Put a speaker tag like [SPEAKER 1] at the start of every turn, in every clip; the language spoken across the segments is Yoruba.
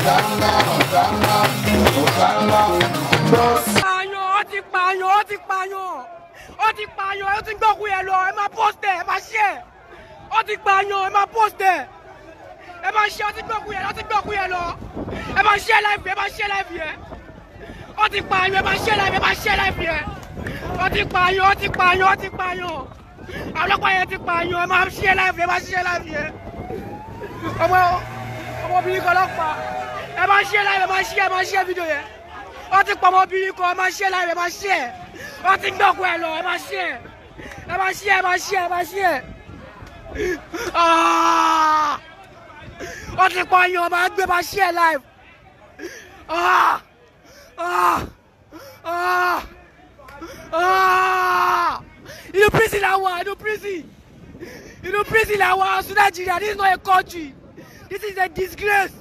[SPEAKER 1] Hosanna, Hosanna, Hosanna. Pààyàn, ó ti pààyàn, ó ti pààyàn, ó ti pààyàn, ó ti gbọ́kú yẹn lọ, ẹ máa post ẹ̀, ẹ máa share. Ó ti pààyàn, ẹ máa post ẹ̀. Ẹ máa share, ó ti gbọ́kú yẹn lọ, ó ti gbọ́kú yẹn lọ. Ẹ máa share live, ẹ máa share live yẹn. Ó ti pààyàn, ẹ máa share live, ẹ máa share live yẹn. Ó ti pààyàn, ó ti pààyàn, ó ti pààyàn. Àwọn ọlọ́pàá yẹn ọmọbìnrin kan lọ́pàá ẹ máa ṣe láì ẹ máa ṣe ẹ máa ṣe fídíò yẹn wọ́n ti pa ọmọbìnrin kan ẹ máa ṣe láì ẹ máa ṣe ẹ wọ́n ti gbé ọkọ ẹ lọ ẹ máa ṣe ẹ ẹ máa ṣe ẹ máa ṣe ẹ máa ṣe ẹ wọ́n ti pa ọyàn ọmọ ẹgbẹ́ máa ṣe ẹ láì inú prison la wà inú prison inú prison la wà South this is not a country this is a disgrace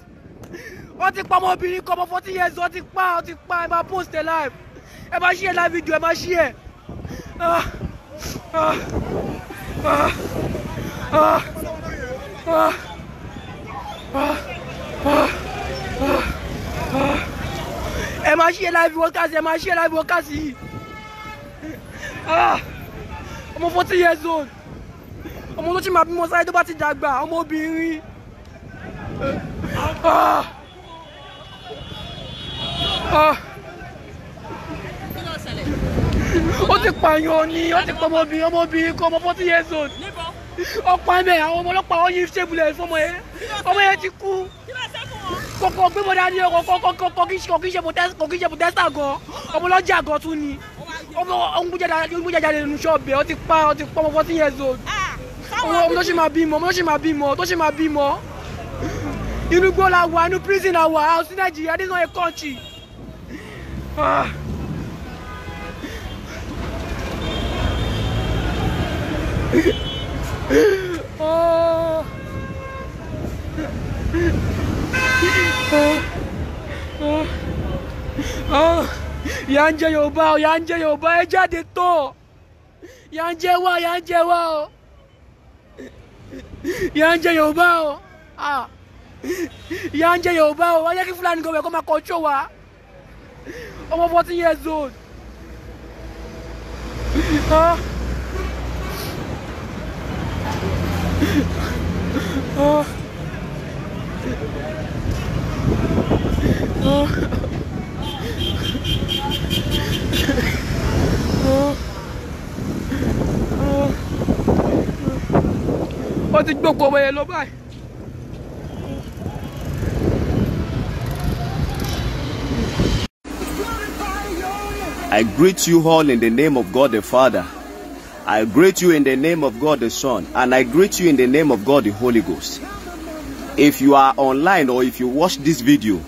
[SPEAKER 1] wọ́n ti pa ọmọbìnrin kan ọmọ forty years wọ́n ti pa wọ́n ti pa ẹ máa post ẹ live ẹ máa share live video ẹ máa share ẹ. Ah, ah, ah, ẹ máa share live wọ́kàsí ẹ máa share live wọ́kàsí yìí ọmọ forty years old ọmọ tó ti máa bímọ sáyé tó bá ti dàgbà ọmọ obìnrin. Ah! Ah! ó ti pààyàn ni ó ti pa ọmọbìnrin ọmọbìnrin kan ọmọ forty years old ọ̀pá ẹ̀mẹ̀ àwọn ọmọ ọlọ́pàá wọ́n yí ṣébùlẹ̀ fọmọ yẹn ọmọ yẹn ti kú kọ̀kọ̀ gbé bọ́dá ní ọkọ̀ kọ̀kọ̀ kì í ṣe pòtẹ́sítà gan ọmọ ọlọ́jà gan tún ni ọmọ ọmọdéjà lè nu ṣọ́ọ̀bẹ̀ ó ti pa ọmọ forty years old ah, ọmọ tó ṣì máa bímọ ọmọ tó ṣì máa bímọ tó ṣì máa bímọ inú gbó la wà inú prison la wà house Nigeria this not a country. Ah. oh. Oh. Oh. Ìyà ń jẹ Yorùbá o, ìyà ń jẹ Yorùbá ẹ jáde tó. Ìyà ń jẹ wá, ìyà ń jẹ wá o. Ìyà ń jẹ Yorùbá o. Ah ìyá ń jẹ yorùbá o wọ́n jẹ́ kí fúlàní gọ̀wẹ̀ kó máa kọ́ńtró wa ọmọ fourteen years old. Ah. Ah. ah. ah. ah. ó ti gbókòó wẹ̀yẹ lọ báyìí.
[SPEAKER 2] I greet you all in the name of God the Father. I greet you in the name of God the Son. And I greet you in the name of God the Holy Ghost. If you are online or if you watch this video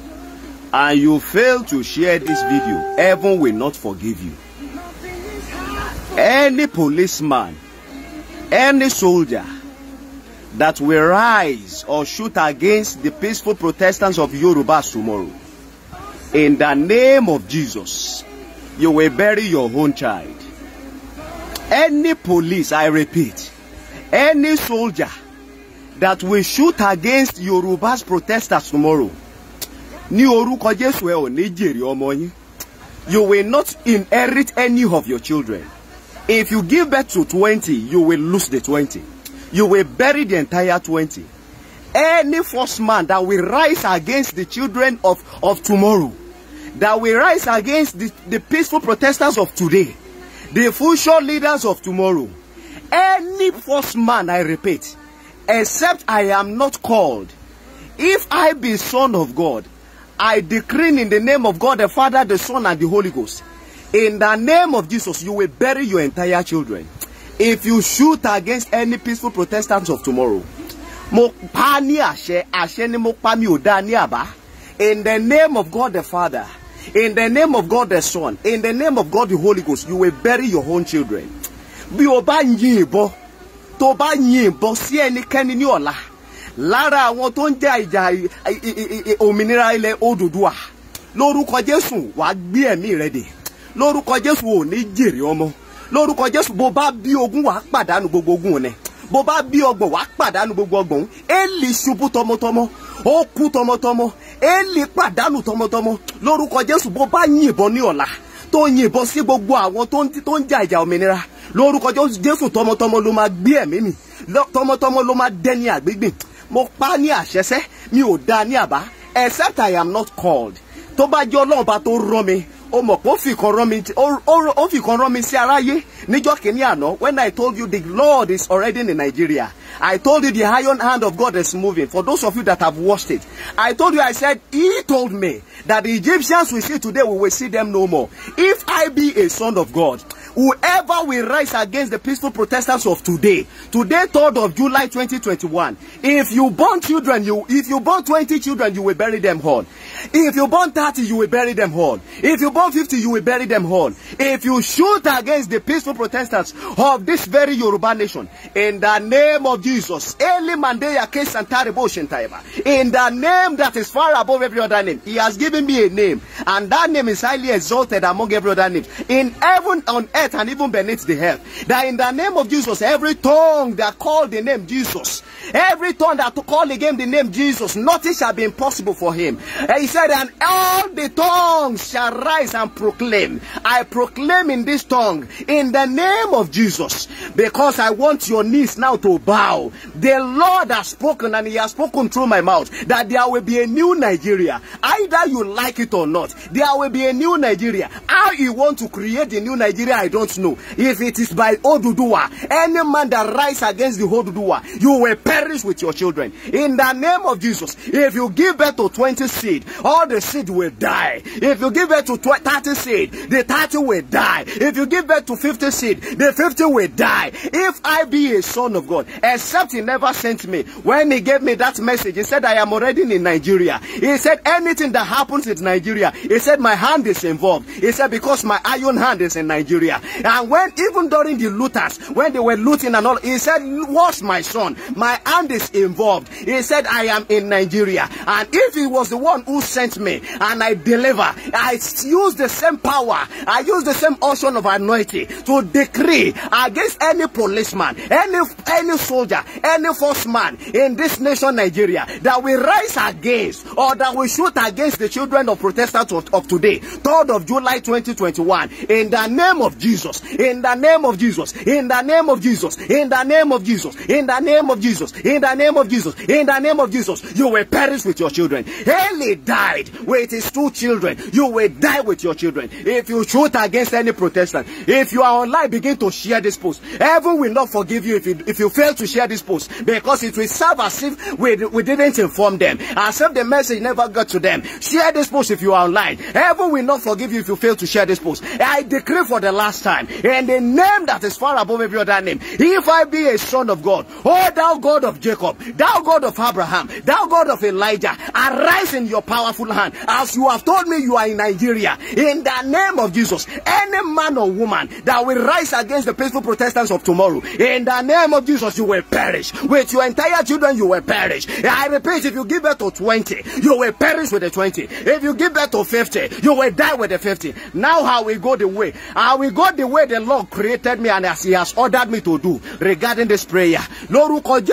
[SPEAKER 2] and you fail to share this video, heaven will not forgive you. Any policeman, any soldier, that will rise or shoot against the peaceful Protestants of Yoruba tomorrow. In the name of Jesus, you will bury your own child. Any police, I repeat, any soldier that will shoot against Yoruba's protesters tomorrow, You will not inherit any of your children. If you give birth to 20, you will lose the 20. You will bury the entire 20. Any false man that will rise against the children of, of tomorrow that will rise against the, the peaceful protesters of today, the future leaders of tomorrow. Any false man, I repeat, except I am not called. If I be son of God, I decree in the name of God, the Father, the Son, and the Holy Ghost. In the name of Jesus, you will bury your entire children. If you shoot against any peaceful protestants of tomorrow, in the name of God the Father In the name of God the Son, in the name of God the Holy Ghost, you will bury your own children. Bí o bá yin ìbọn, tó bá yin ìbọn sí ẹnikẹ́ni ní ọ̀la, lára àwọn tó ń jà ìjà òmìnira ilẹ̀ Odùduwà, lórúkọ Jésù wàá gbé ẹ̀mí rẹ̀ dè, lórúkọ Jésù ò ní jèrè ọmọ, lórúkọ Jésù bó bá bí ogún wàá pàdánù gbogbo ogún rẹ̀ bó bá bí ọgbọ̀n wàá pàdánù gbogbo ọgbọ̀n, èlì ṣubú tọmọtọmọ, ó kú tọmọtọmọ, Élì pàdánù tọmọtọmọ lórúkọ Jésù bó bá yìnbọn ní ọ̀la tó yìnbọn sí gbogbo àwọn tó ń jà ìjà òmìnira lórúkọ Jésù tọmọtọmọ ló máa gbé ẹ̀mí mi tọmọtọmọ ló máa dẹni àgbégbè mo pa ní àṣẹṣẹ mi ò dá ní àbá except I am not called tó bá jẹ́ Ọlọ́run bá tó rán mi o mọ̀ pé ó fi kan rán mi ó fi kan rán mi sí aráyé níjọ́ kìíní àná when I told you the Lord is already in Nigeria I told you the iron hand of God is moving for those of you that have watched it I told you I said he told me that the Egyptians we see today we will see them no more if I be a son of God Whoever will rise against the peaceful protesters of today, today 3rd of July 2021, if you burn children, you if you burn 20 children, you will bury them whole. If you burn 30, you will bury them whole. If you burn 50, you will bury them whole. If you shoot against the peaceful protesters of this very Yoruba nation, in the name of Jesus, and in the name that is far above every other name, he has given me a name, and that name is highly exalted among every other name. In heaven, on earth, earth and even beneath the earth. That in the name of Jesus, every tongue that called the name Jesus, every tongue that called again the name Jesus, nothing shall be impossible for him. And he said, and all the tongues shall rise and proclaim. I proclaim in this tongue, in the name of Jesus, because I want your knees now to bow. The Lord has spoken and he has spoken through my mouth that there will be a new Nigeria. Either you like it or not, there will be a new Nigeria. How you want to create a new Nigeria, I don't know. If it is by Odudua. any man that rise against the Odudua, you will perish with your children. In the name of Jesus, if you give birth to 20 seed, all the seed will die. If you give birth to 30 seed, the 30 will die. If you give birth to 50 seed, the 50 will die. If I be a son of God, except he never sent me. When he gave me that message, he said, I am already in Nigeria. He said, anything that happens in Nigeria, he said, my hand is involved. He said, because my iron hand is in Nigeria. And when, even during the looters, when they were looting and all, he said, watch my son, my hand is involved. He said, I am in Nigeria. And if he was the one who sent me and I deliver, I use the same power, I use the same ocean of anointing to decree against any policeman, any, any soldier, any force man in this nation, Nigeria, that will rise against or that will shoot against the children of protesters of, of today, 3rd of July 2021, in the name of Jesus. Jesus, in the name of Jesus, in the name of Jesus, in the name of Jesus, in the name of Jesus, in the name of Jesus, in the name of Jesus, you will perish with your children. Haley died with his two children. You will die with your children. If you shoot against any Protestant, if you are online, begin to share this post. Heaven will not forgive you if you if you fail to share this post because it will serve as if we, we didn't inform them, as if the message never got to them. Share this post if you are online. Heaven will not forgive you if you fail to share this post. I decree for the last time, and the name that is far above every other name. If I be a son of God, oh thou God of Jacob, thou God of Abraham, thou God of Elijah, arise in your powerful hand, as you have told me you are in Nigeria, in the name of Jesus. Any man or woman that will rise against the peaceful Protestants of tomorrow, in the name of Jesus, you will perish. With your entire children, you will perish. I repeat, if you give birth to 20, you will perish with the 20. If you give birth to 50, you will die with the 50. Now, how we go the way? How we go the way the Lord created me and as He has ordered me to do regarding this prayer. Lord.